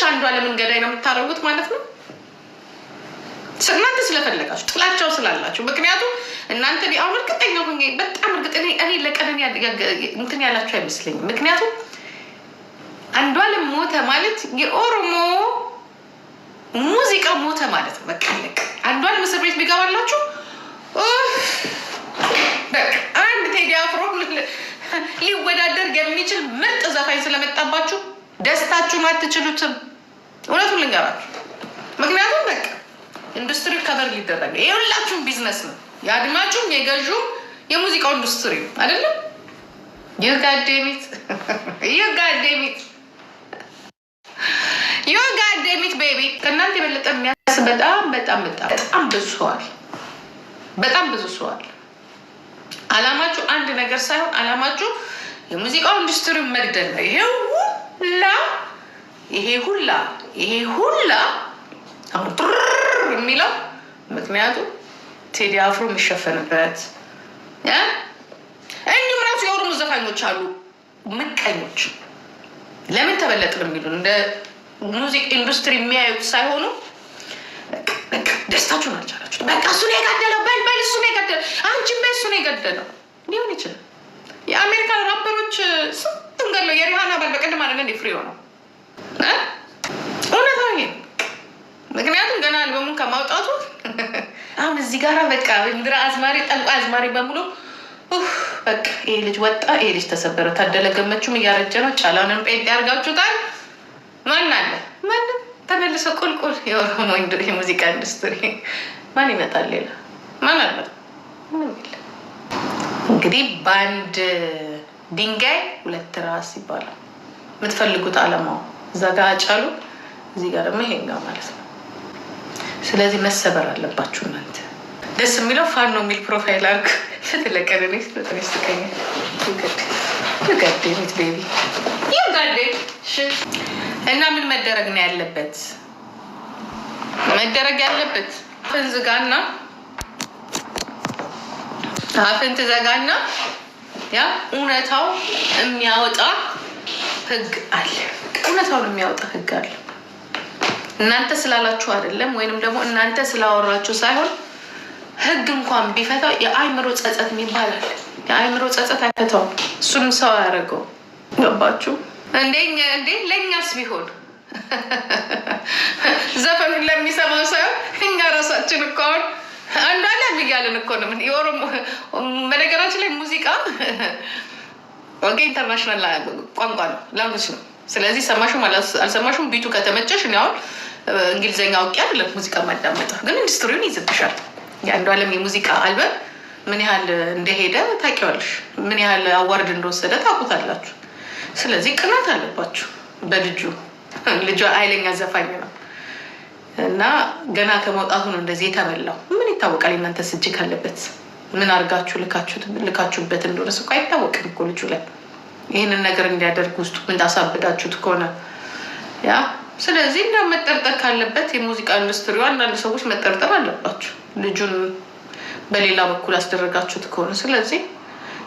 ስለሆነች አንዱ አለምን ገዳይ ነው የምታደርጉት ማለት ነው። እናንተ ስለፈለጋችሁ ጥላቻው ስላላችሁ፣ ምክንያቱም እናንተ አሁን እርግጠኛ ሆኜ በጣም እርግጠኛ እኔ ለቀነኒ እንትን ያላችሁ አይመስለኝም። ምክንያቱም አንዱ አለም ሞተ ማለት የኦሮሞ ሙዚቃ ሞተ ማለት ነው። በቃ ልክ አንዱ አለም እስር ቤት ቢገባላችሁ አንድ ቴዲ አፍሮ ሊወዳደር የሚችል ምርጥ ዘፋኝ ስለመጣባችሁ ደስታችሁን አትችሉትም። እውነቱን ልንገራችሁ። ምክንያቱም በቃ ኢንዱስትሪ ከበር ሊደረግ የሁላችሁም ቢዝነስ ነው፣ የአድማጩም የገዥም የሙዚቃው ኢንዱስትሪ አይደለም? ይህ ጋዴሚት ይህ ጋዴሚት ይህ ጋዴሚት ቤቢ ከእናንተ የበለጠ የሚያስ በጣም በጣም በጣም በጣም ብዙ ሰዋል፣ በጣም ብዙ ሰዋል። አላማችሁ አንድ ነገር ሳይሆን አላማችሁ የሙዚቃው ኢንዱስትሪ መግደል ነው። ይሄ ሁላ ይሄ ሁላ ይሄ ሁላ አሁን ጥር የሚለው ምክንያቱም ቴዲ አፍሮ የሚሸፈንበት እንዲሁም ራሱ የኦሮሞ ዘፋኞች አሉ ምቀኞች። ለምን ተበለጥን የሚሉ እንደ ሙዚክ ኢንዱስትሪ የሚያዩት ሳይሆኑ ደስታችሁ ናቻላችሁ። በቃ እሱ ነው የገደለው፣ በል በል እሱ ነው የገደለው፣ አንቺን በይ እሱ ነው የገደለው ሊሆን ይችላል። የአሜሪካን ራፐሮች ስንት ገለው የሪሃና በል በቅድም አድርገን ፍሪ ሆነው እውነት ምክንያቱም ገና አልበሙን ከማውጣቱ አሁን እዚህ ጋር በቃ ምድረ አዝማሪ ጠልቆ አዝማሪ በሙሉ በቃ ይሄ ልጅ ወጣ፣ ይሄ ልጅ ተሰበረ፣ ታደለ ገመቹም እያረጀ ነው። ጫላንን ጴንጤ ያርጋችሁታል። ማን አለ ማንም ተመልሶ ቁልቁል የኦሮሞ የሙዚቃ ኢንዱስትሪ ማን ይመጣል? ሌላ ማን አለ? እንግዲህ በአንድ ድንጋይ ሁለት ራስ ይባላል። የምትፈልጉት አለማው እዛ ጋር አጫሉ፣ እዚህ ጋር ደግሞ ይሄን ጋር ማለት ነው። ስለዚህ መሰበር አለባችሁ እናንተ። ደስ የሚለው ፋን ነው የሚል ፕሮፋይል አርግ ስለተለቀደ ነው ስለጠነስ ትቀኛ ዩጋዴት ቤቢ ጋዴ እና ምን መደረግ ነው ያለበት? መደረግ ያለበት አፍን ዝጋና አፍን ትዘጋና ያ እውነታው የሚያወጣ ህግ አለ። እውነታውን የሚያወጣ ህግ አለ። እናንተ ስላላችሁ አይደለም፣ ወይንም ደግሞ እናንተ ስላወራችሁ ሳይሆን ህግ እንኳን ቢፈታው የአይምሮ ጸጸት ይባላል። የአይምሮ ጸጸት አይፈታውም፣ እሱንም ሰው ያደረገው ገባችሁ እንዴ? ለእኛስ ቢሆን ዘፈኑን ለሚሰማው ሳይሆን እኛ ራሳችን እኮ አሁን አንዷ ለሚያልን እኮ ነው። የኦሮሞ በነገራችን ላይ ሙዚቃ ዋጋ ኢንተርናሽናል ቋንቋ ነው፣ ላንጉጅ ነው። ስለዚህ ሰማሽም አልሰማሽም ቢቱ ከተመቸሽ እኔ አሁን እንግሊዝኛ አውቄ አይደለም ሙዚቃ ማዳመጠው፣ ግን ኢንዱስትሪውን ይዝብሻል። የአንዱ ዓለም የሙዚቃ አልበም ምን ያህል እንደሄደ ታውቂዋለሽ፣ ምን ያህል አዋርድ እንደወሰደ ታውቁታላችሁ። ስለዚህ ቅናት አለባችሁ በልጁ ልጁ ኃይለኛ ዘፋኝ ነው እና ገና ከመውጣቱ ነው እንደዚህ የተበላው። ምን ይታወቃል? እናንተ ስጅ ካለበት ምን አድርጋችሁ ልካችሁበት እንደሆነ እኮ አይታወቅም እኮ ልጁ ላይ ይህንን ነገር እንዲያደርግ ውስጡ እንዳሳብዳችሁት ከሆነ ያ ስለዚህ እንደ መጠርጠር ካለበት የሙዚቃ ኢንዱስትሪ አንዳንድ ሰዎች መጠርጠር አለባችሁ፣ ልጁን በሌላ በኩል ያስደረጋችሁት ከሆነ ስለዚህ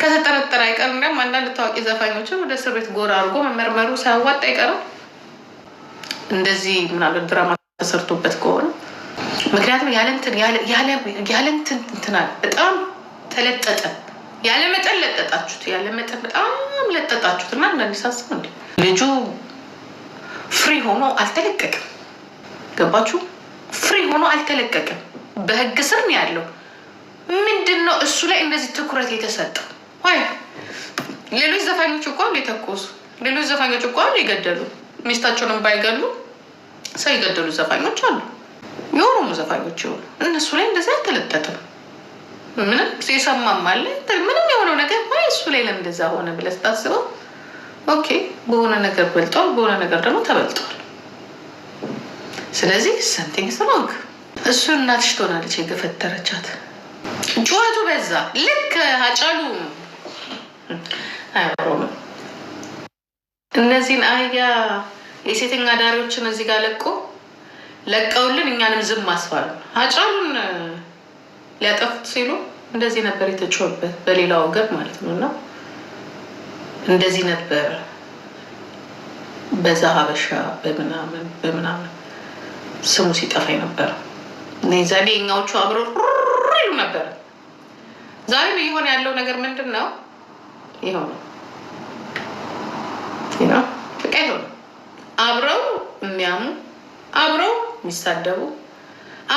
ከተጠረጠረ አይቀር እንዲያውም አንዳንድ ታዋቂ ዘፋኞችን ወደ እስር ቤት ጎራ አድርጎ መመርመሩ ሳያዋጣ አይቀርም። እንደዚህ ምናለት ድራማ ተሰርቶበት ከሆነ ምክንያቱም ያለንትን ያለንትን እንትናል በጣም ተለጠጠ። ያለመጠን ለጠጣችሁት፣ ያለመጠን በጣም ለጠጣችሁት እና አንዳንድ ሳስብ እንደ ልጁ ፍሪ ሆኖ አልተለቀቅም። ገባችሁ? ፍሪ ሆኖ አልተለቀቅም። በህግ ስር ነው ያለው። ምንድን ነው እሱ ላይ እንደዚህ ትኩረት የተሰጠው? ወይ ሌሎች ዘፋኞች እኮ አሉ የተኮሱ፣ ሌሎች ዘፋኞች እኮ አሉ የገደሉ፣ ሚስታቸውንም ባይገሉ ሰው የገደሉ ዘፋኞች አሉ፣ የኦሮሞ ዘፋኞች ይሆኑ። እነሱ ላይ እንደዚህ አልተለጠጥም። ምንም የሰማም አለ ምንም የሆነው ነገር ማይ እሱ ላይ ለምንደዛ ሆነ ብለህ ስታስበው ኦኬ፣ በሆነ ነገር በልጧል፣ በሆነ ነገር ደግሞ ተበልጧል። ስለዚህ ሰምቲንግ ስሮንግ እሱ እናትሽ ትሆናለች የገፈተረቻት። ጩኸቱ በዛ ልክ አጫሉ አያምሮም። እነዚህን አህያ የሴተኛ ዳሪዎችን እዚህ ጋር ለቆ ለቀውልን እኛንም ዝም አስባሉ አጫሉን ሊያጠፉት ሲሉ እንደዚህ ነበር የተጮህበት፣ በሌላ ወገን ማለት ነው። እና እንደዚህ ነበር በዛ ሀበሻ በምናምን በምናምን ስሙ ሲጠፋኝ ነበር። ዛኔ የኛዎቹ አብረው ይሉ ነበር። ዛሬም እየሆነ ያለው ነገር ምንድን ነው? ይኸው ነው። በቃ ነው። አብረው የሚያሙ አብረው የሚሳደቡ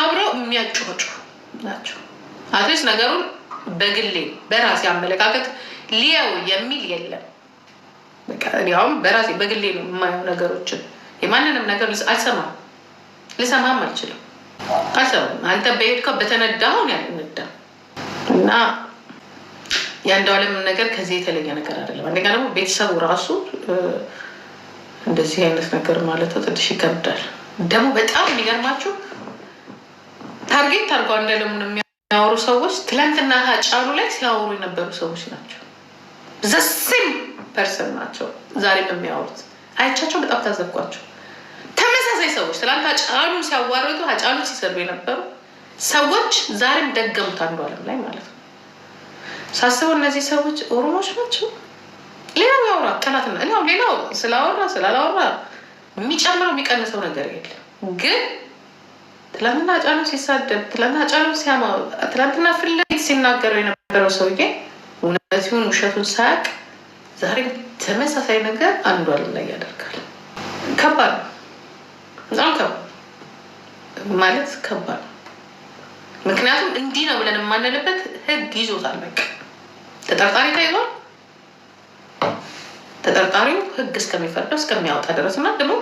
አብረው የሚያጫጩ ናቸው። አቶች ነገሩን በግሌ በራሴ አመለካከት ሊያው የሚል የለም። ያውም በራሴ በግሌ ነው የማየው ነገሮችን የማንንም ነገር አልሰማም፣ ልሰማም አልችልም፣ አልሰማም። አንተ በሄድከው ሁን ያልነዳ እና የአንደው ነገር ከዚህ የተለየ ነገር አይደለም። አንደኛ ደግሞ ቤተሰቡ ራሱ እንደዚህ አይነት ነገር ማለት ትንሽ ይከብዳል። ደግሞ በጣም የሚገርማችሁ ታርጌት ታርጓ እንደለሙን የሚያወሩ ሰዎች ትላንትና ሀጫሉ ላይ ሲያወሩ የነበሩ ሰዎች ናቸው። ዘሴም ፐርሰን ናቸው ዛሬ የሚያወሩት። አይቻቸው በጣም ታዘብኳቸው። ተመሳሳይ ሰዎች ትላንት ሀጫሉን ሲያዋርዱ፣ ሀጫሉ ሲሰሩ የነበሩ ሰዎች ዛሬም ደገሙት አንዱ አለም ላይ ማለት ነው። ሳስበው እነዚህ ሰዎች ኦሮሞች ናቸው። ሌላው ያወራ ጠላትና ሌላው ስላወራ ስላላወራ የሚጨምረው የሚቀንሰው ነገር የለም ግን ትላንትና ጫሉ ሲሳደብ፣ ትላንትና ጫሉ ሲያማ፣ ትላንትና ፊት ለፊት ሲናገረው የነበረው ሰውዬ እውነቱን ውሸቱን ሳያቅ ዛሬ ተመሳሳይ ነገር አንዱ አለም ላይ ያደርጋል። ከባድ ነው፣ በጣም ከባድ ማለት ከባድ ነው። ምክንያቱም እንዲህ ነው ብለን የማንልበት ህግ ይዞታል። በቃ ተጠርጣሪ ተይዟል። ተጠርጣሪው ህግ እስከሚፈርደው እስከሚያወጣ ድረስ እና ደግሞ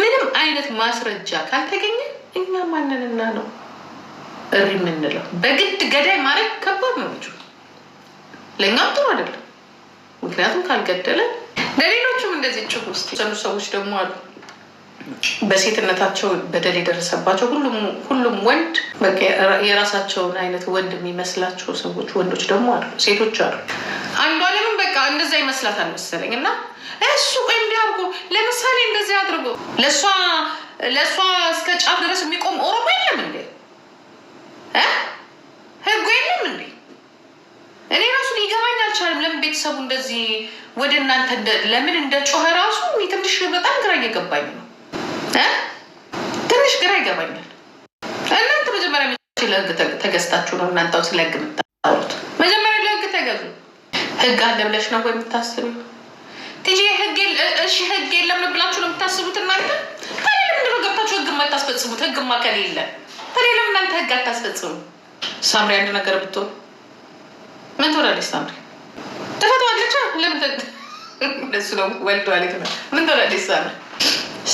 ምንም አይነት ማስረጃ ካልተገኘ እኛ ማንንና ነው እሪ የምንለው? በግድ ገዳይ ማድረግ ከባድ ነው። ልጁ ለእኛም ጥሩ አይደለም። ምክንያቱም ካልገደለ ለሌሎችም እንደዚህ ጭ ውስጥ ዘንዱ ሰዎች ደግሞ አሉ በሴትነታቸው በደል የደረሰባቸው ሁሉም ወንድ የራሳቸውን አይነት ወንድ የሚመስላቸው ሰዎች ወንዶች ደግሞ አሉ፣ ሴቶች አሉ። አንዷ ለምን በቃ እንደዛ ይመስላት መሰለኝ እና እሱ እንዲህ ለምሳሌ እንደዚህ አድርጎ ለእሷ ለእሷ እስከ ጫፍ ድረስ የሚቆም ኦሮሞ የለም እንዴ? ህጉ የለም እንዴ? እኔ ራሱ ሊገባኝ አልቻለም። ለምን ቤተሰቡ እንደዚህ ወደ እናንተ ለምን እንደ ጮኸ ራሱ ትንሽ በጣም ግራ እየገባኝ ነው። ትንሽ ግራ ይገባኛል። እናንተ መጀመሪያ ለህግ ተገዝታችሁ ነው እናንተው ስለ ህግ የምታወሩት? መጀመሪያ ለህግ ተገዙ። ህግ አለ ብለሽ ነው የምታስቡ? ትጂ ህግ እሺ፣ ህግ የለም ብላችሁ ነው የምታስቡት እናንተ ህግ የማታስፈጽሙት ህግ ማከል የለም። እናንተ ህግ አታስፈጽሙ? ሳምሪ አንድ ነገር ብትሆን ምን ትሆናለች? ሳምሪ ነው ምን ትሆናለች? ሳምሪ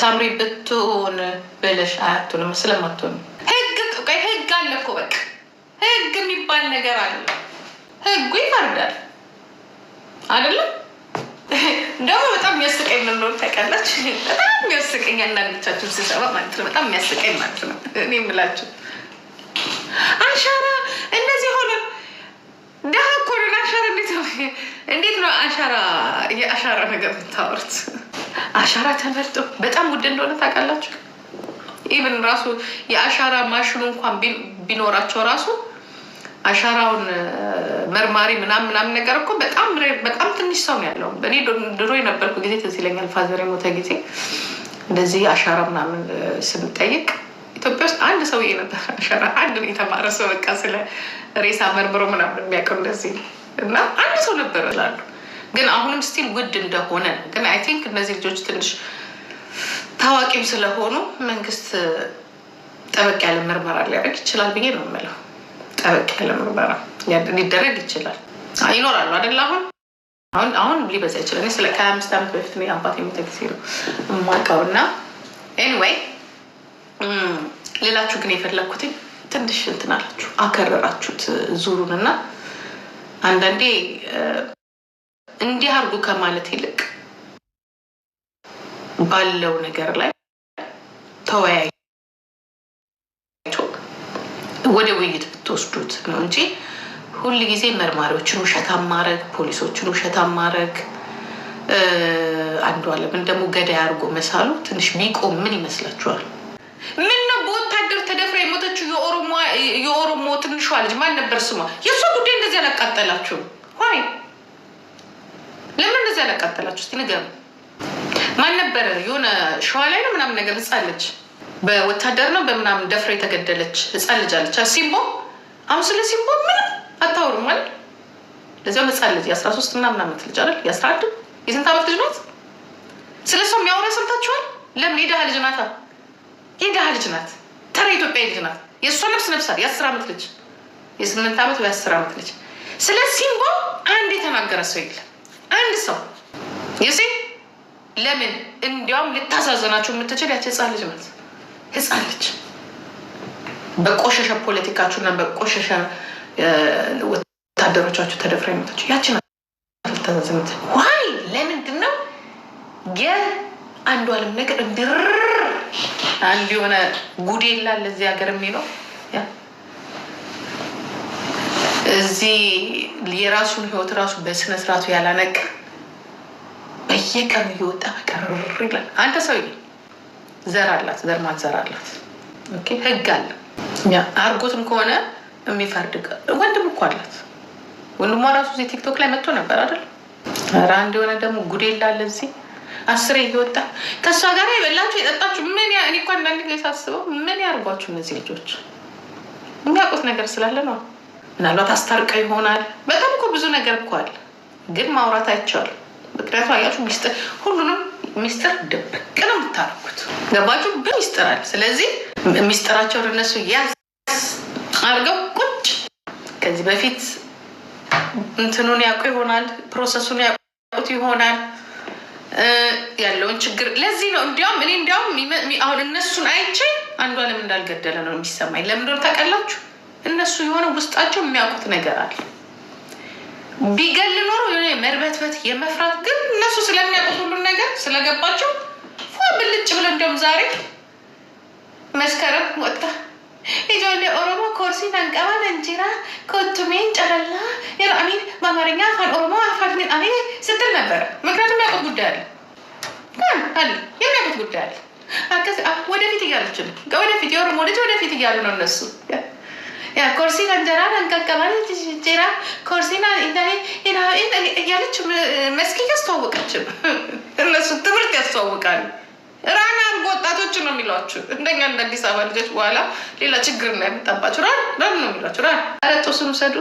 ሳምሪ ብትሆን ብለሽ አያቱንም ስለማትሆን ህግ ህግ አለ እኮ በቃ ህግ የሚባል ነገር አለ። ህጉ ይፈርዳል አይደለም ደግሞ በጣም የሚያስቀኝ ምን እንደሆነ ታውቃለች? በጣም የሚያስቀኝ አንዳንዶቻችሁ ስሰባ ማለት ነው። በጣም የሚያስቀኝ ማለት ነው። እኔ የምላችሁ አሻራ እንደዚህ ሆነ ደሃ እኮ ነን። አሻራ እንዴት ነው እንዴት ነው አሻራ የአሻራ ነገር የምታወሩት? አሻራ ተመርጦ በጣም ውድ እንደሆነ ታውቃላችሁ። ኢቨን ራሱ የአሻራ ማሽኑ እንኳን ቢኖራቸው ራሱ አሻራውን መርማሪ ምናምን ምናምን ነገር እኮ በጣም ትንሽ ሰው ያለው። እኔ ድሮ የነበርኩ ጊዜ ትዝ ይለኛል፣ ፋዘር የሞተ ጊዜ እንደዚህ አሻራ ምናምን ስንጠይቅ ኢትዮጵያ ውስጥ አንድ ሰው ነበር አሻራ፣ አንድ የተማረ ሰው በቃ ስለ ሬሳ መርምሮ ምናምን የሚያውቀው እንደዚህ እና አንድ ሰው ነበር ይላሉ። ግን አሁንም ስቲል ውድ እንደሆነ ግን አይ ቲንክ እነዚህ ልጆች ትንሽ ታዋቂም ስለሆኑ መንግስት ጠበቅ ያለ ምርመራ ሊያደርግ ይችላል ብዬ ነው የምለው። ጠበቅ ያለ ምርመራ ሊደረግ ይችላል ይኖራሉ አደለ አሁን አሁን አሁን ሊበዛ ይችላል። ስለ ከሀያ አምስት ዓመት በፊት ነው አባት የሞተ ጊዜ ነው የማውቀው እና ኤኒዌይ ሌላችሁ ግን የፈለግኩትኝ ትንሽ እንትን አላችሁ አከረራችሁት ዙሩን እና አንዳንዴ እንዲህ አድርጉ ከማለት ይልቅ ባለው ነገር ላይ ተወያይቶ ወደ ውይይት ብትወስዱት ነው እንጂ ሁል ጊዜ መርማሪዎችን ውሸታም ማድረግ፣ ፖሊሶችን ውሸታም ማድረግ፣ አለምን ደግሞ ገዳይ አድርጎ መሳሉ ትንሽ ቢቆም ምን ይመስላችኋል? ምን ነው በወታደር ተደፍራ የሞተችው የኦሮሞ ትንሿ ልጅ ማን ነበር ስሟ? የእሷ ጉዳይ እንደዚህ አላቃጠላችሁ ይ ለምን እንደዚህ አላቃጠላችሁ? እስኪ ንገሩ። ማን ነበረ? የሆነ ሸዋ ላይ ነው ምናምን ነገር ህፃን ልጅ በወታደር ነው በምናምን ደፍራ የተገደለች ህፃን ልጅ አለች። ሲምቦ አሁን ስለ ሲምቦ ምንም አታወሩም ማለት ለዚያው ህፃን ልጅ የአስራ ሶስት ምናምን ዓመት ልጅ አይደል? የአስራ አንድ የስንት ዓመት ልጅ ናት? ስለ እሷ የሚያወራ ሰምታችኋል? ለምን የድሃ ልጅ ናታ። የድሃ ልጅ ናት። ተራ ኢትዮጵያዊ ልጅ ናት። የእሷ ነፍስ ነፍሳል። የአስር ዓመት ልጅ የስምንት ዓመት ወይ አስር ዓመት ልጅ። ስለ ሲምቦ አንድ የተናገረ ሰው የለም። አንድ ሰው ይሴ ለምን እንዲያውም ልታሳዘናችሁ የምትችል ያች ህፃን ልጅ ናት። ህፃን ልጅ በቆሸሸ ፖለቲካችሁና በቆሸሸ ወታደሮቻቸው ተደፍረ ይመጣችሁ ያችን አልተዘምት ዋይ ለምንድን ነው የአንዱ አለም ነገር እንድር አንድ የሆነ ጉዴላ እዚህ ሀገር የሚለው እዚህ የራሱን ህይወት ራሱ በስነ ስርዓቱ ያላነቀ በየቀኑ እየወጣ በቀር ይላል። አንተ ሰውዬ ዘር አላት ዘር ማት ዘር አላት ህግ አለ አርጎትም ከሆነ የሚፈርድ ወንድም እኮ አላት። ወንድሟ ራሱ እዚህ ቲክቶክ ላይ መጥቶ ነበር አይደል? ኧረ አንድ የሆነ ደግሞ ጉድ የላለ እዚህ አስሬ እየወጣ ከእሷ ጋር የበላችሁ የጠጣችሁ ምን እኔ እኮ አንዳንድ ጊዜ ሳስበው ምን ያርጓችሁ እነዚህ ልጆች የሚያውቁት ነገር ስላለ ነው። ምናልባት አስታርቀ ይሆናል። በጣም እኮ ብዙ ነገር እኮ አለ፣ ግን ማውራት አይቸዋል። ምክንያቱም አያችሁ ሚስጥር፣ ሁሉንም ሚስጥር ድብቅ ነው የምታደርጉት። ገባችሁ? ሚስጥር አለ። ስለዚህ ሚስጥራቸውን እነሱ ያዝ አድርገው ቁጭ ከዚህ በፊት እንትኑን ያውቁ ይሆናል፣ ፕሮሰሱን ያውቁት ይሆናል ያለውን ችግር። ለዚህ ነው እንዲያውም እኔ እንዲያውም አሁን እነሱን አይቼ አንዷንም እንዳልገደለ ነው የሚሰማኝ። ለምን እንደሆነ ታውቃላችሁ? እነሱ የሆነ ውስጣቸው የሚያውቁት ነገር አለ። ቢገል ኖሮ የሆነ የመርበትበት የመፍራት ግን እነሱ ስለሚያውቁት ሁሉን ነገር ስለገባቸው ብልጭ ብለ እንዲያውም ዛሬ መስከረም ወጣ Ijoollee Oromoo koorsii danqaba nan jira. Kottumeen carallaa በአማርኛ አፋን ኦሮሞ አፋን አኔ ስትል ነበረ። ምክንያቱም ያውቁት ጉዳይ አለ የሚያውቁት ጉዳይ አለ። ወደፊት እያለች ነው፣ ወደፊት የኦሮሞ ልጅ ወደፊት እያሉ ነው እነሱ ኮርሲና እንጀራ አንቀቀባል ጀራ ኮርሲና እያለች መስጊድ ያስተዋወቀችም እነሱ ትምህርት ያስተዋውቃሉ። ራን አድርጎ ወጣቶች ነው የሚሏችሁ። እንደኛ እንደ አዲስ አበባ ልጆች በኋላ ሌላ ችግር ነው የሚመጣባችሁ። ራን ራን ነው የሚሏችሁ። ራን ኧረ ጦሱን ውሰዱ፣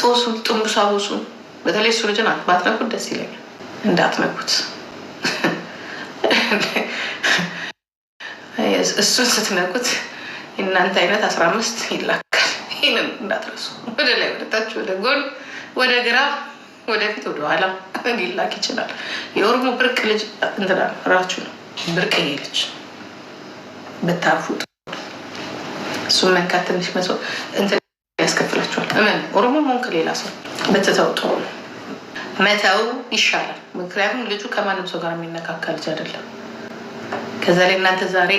ጦሱን ጥንቡሳ ቦሱን። በተለይ እሱ ልጅን ባትነኩት ደስ ይለኛል። እንዳትነኩት እሱን ስትነኩት እናንተ አይነት አስራ አምስት ይላካል። ይህንን እንዳትረሱ። ወደ ላይ ወደታች፣ ወደ ጎን፣ ወደ ግራ፣ ወደፊት፣ ወደኋላ በግ ይላክ ይችላል። የኦሮሞ ብርቅ ልጅ እንትና ራችሁ ነው ብርቅ ልጅ ብታርፉት እሱም መንካት ትንሽ መስ እንትን ያስከፍላቸዋል። እመን ኦሮሞ መሆን ከሌላ ሰው ብትተው ጥሩ ነው። መተው ይሻላል። ምክንያቱም ልጁ ከማንም ሰው ጋር የሚነካካ ልጅ አይደለም። ከዛ ላይ እናንተ ዛሬ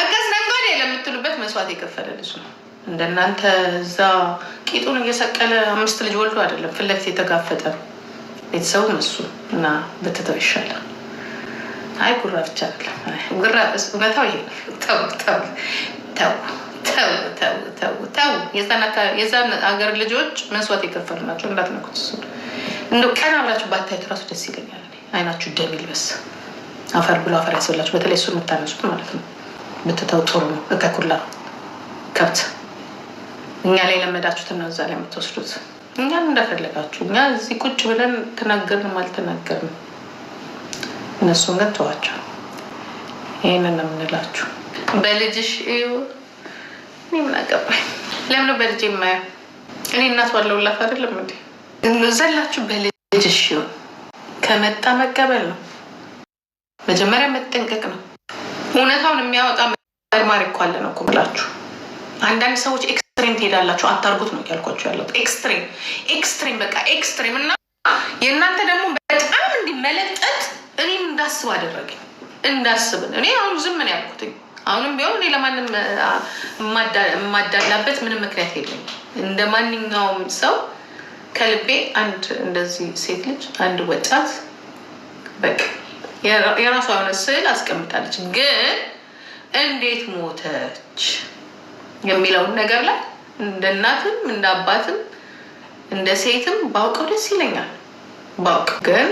አጋስ ነንጓዴ ለምትሉበት መስዋዕት የከፈለ ልጅ ነው። እንደናንተ እዛ ቂጡን እየሰቀለ አምስት ልጅ ወልዶ አይደለም ፊት ለፊት የተጋፈጠ ነው። ቤተሰቡ እሱ እና ብትተው ይሻላል። አይ ጉራ ብቻ ጉራ፣ እውነታው ይሄ ተው ተው ተው ተው ተው ተው። የዛን ሀገር ልጆች መስዋዕት የከፈሉ ናቸው። እንዳትነኩት እሱ እንደው ቀና አብራችሁ ባታዩት እራሱ ደስ ይለኛል። አይናችሁ ደም ይልበስ፣ አፈር ብሎ አፈር ያስበላችሁ። በተለይ እሱ የምታነሱት ማለት ነው። ብትተው ጥሩ ነው። እከኩላ ከብት እኛ ላይ የለመዳችሁት እና እዛ ላይ የምትወስዱት እኛን እንደፈለጋችሁ እኛ እዚህ ቁጭ ብለን ተናገርንም አልተናገርንም፣ እነሱን ግን ተዋቸው። ይህንን የምንላችሁ በልጅሽ እኔ ምን አገባኝ? ለምን በልጅ የማየው እኔ እናት ዋለውላት አይደለም እንዴ? ዘላችሁ በልጅሽ ይሁን ከመጣ መቀበል ነው። መጀመሪያ መጠንቀቅ ነው። እውነታውን የሚያወጣ መርማሪ እኮ ነው እኮ ብላችሁ አንዳንድ ሰዎች ኤክስትሪም ትሄዳላችሁ። አታርጉት ነው ያልኳቸው ያለት ኤክስትሪም ኤክስትሪም በቃ ኤክስትሪም እና የእናንተ ደግሞ በጣም እንዲመለጠጥ እኔም እንዳስብ አደረገኝ። እንዳስብን እኔ አሁን ዝም ምን ያልኩትኝ። አሁንም ቢሆን እኔ ለማንም የማዳላበት ምንም ምክንያት የለኝ። እንደ ማንኛውም ሰው ከልቤ አንድ እንደዚህ ሴት ልጅ አንድ ወጣት በቃ የራሷ የሆነ ስዕል አስቀምጣለች። ግን እንዴት ሞተች የሚለውን ነገር ላይ እንደ እናትም እንደ አባትም እንደ ሴትም ባውቀው ደስ ይለኛል። ባውቅ ግን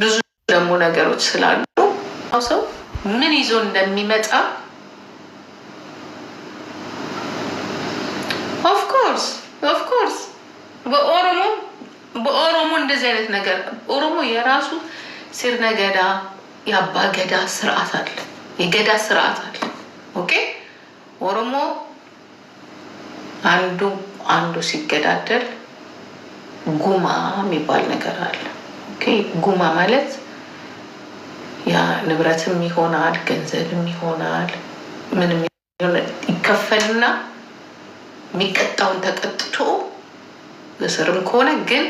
ብዙ ደግሞ ነገሮች ስላሉ ሰው ምን ይዞ እንደሚመጣ ኦፍኮርስ ኦፍኮርስ በኦሮሞ በኦሮሞ እንደዚህ አይነት ነገር ኦሮሞ የራሱ ስርነገዳ የአባ ገዳ ስርዓት አለ፣ የገዳ ስርዓት አለ። ኦኬ ኦሮሞ አንዱ አንዱ ሲገዳደል ጉማ የሚባል ነገር አለ። ጉማ ማለት ያ ንብረትም ይሆናል ገንዘብም ይሆናል ምንም ይከፈልና የሚቀጣውን ተቀጥቶ እስርም ከሆነ ግን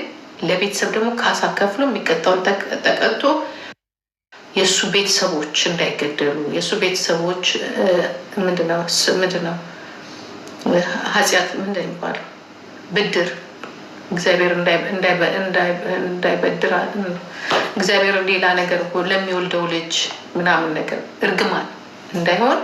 ለቤተሰብ ደግሞ ካሳ ከፍሎ የሚቀጣውን ተቀጥቶ የእሱ ቤተሰቦች እንዳይገደሉ የእሱ ቤተሰቦች ምንድነው ኃጢአት ምንድን ነው ብድር እግዚአብሔር እንዳይበድር እግዚአብሔር ሌላ ነገር ለሚወልደው ልጅ ምናምን ነገር እርግማን እንዳይሆን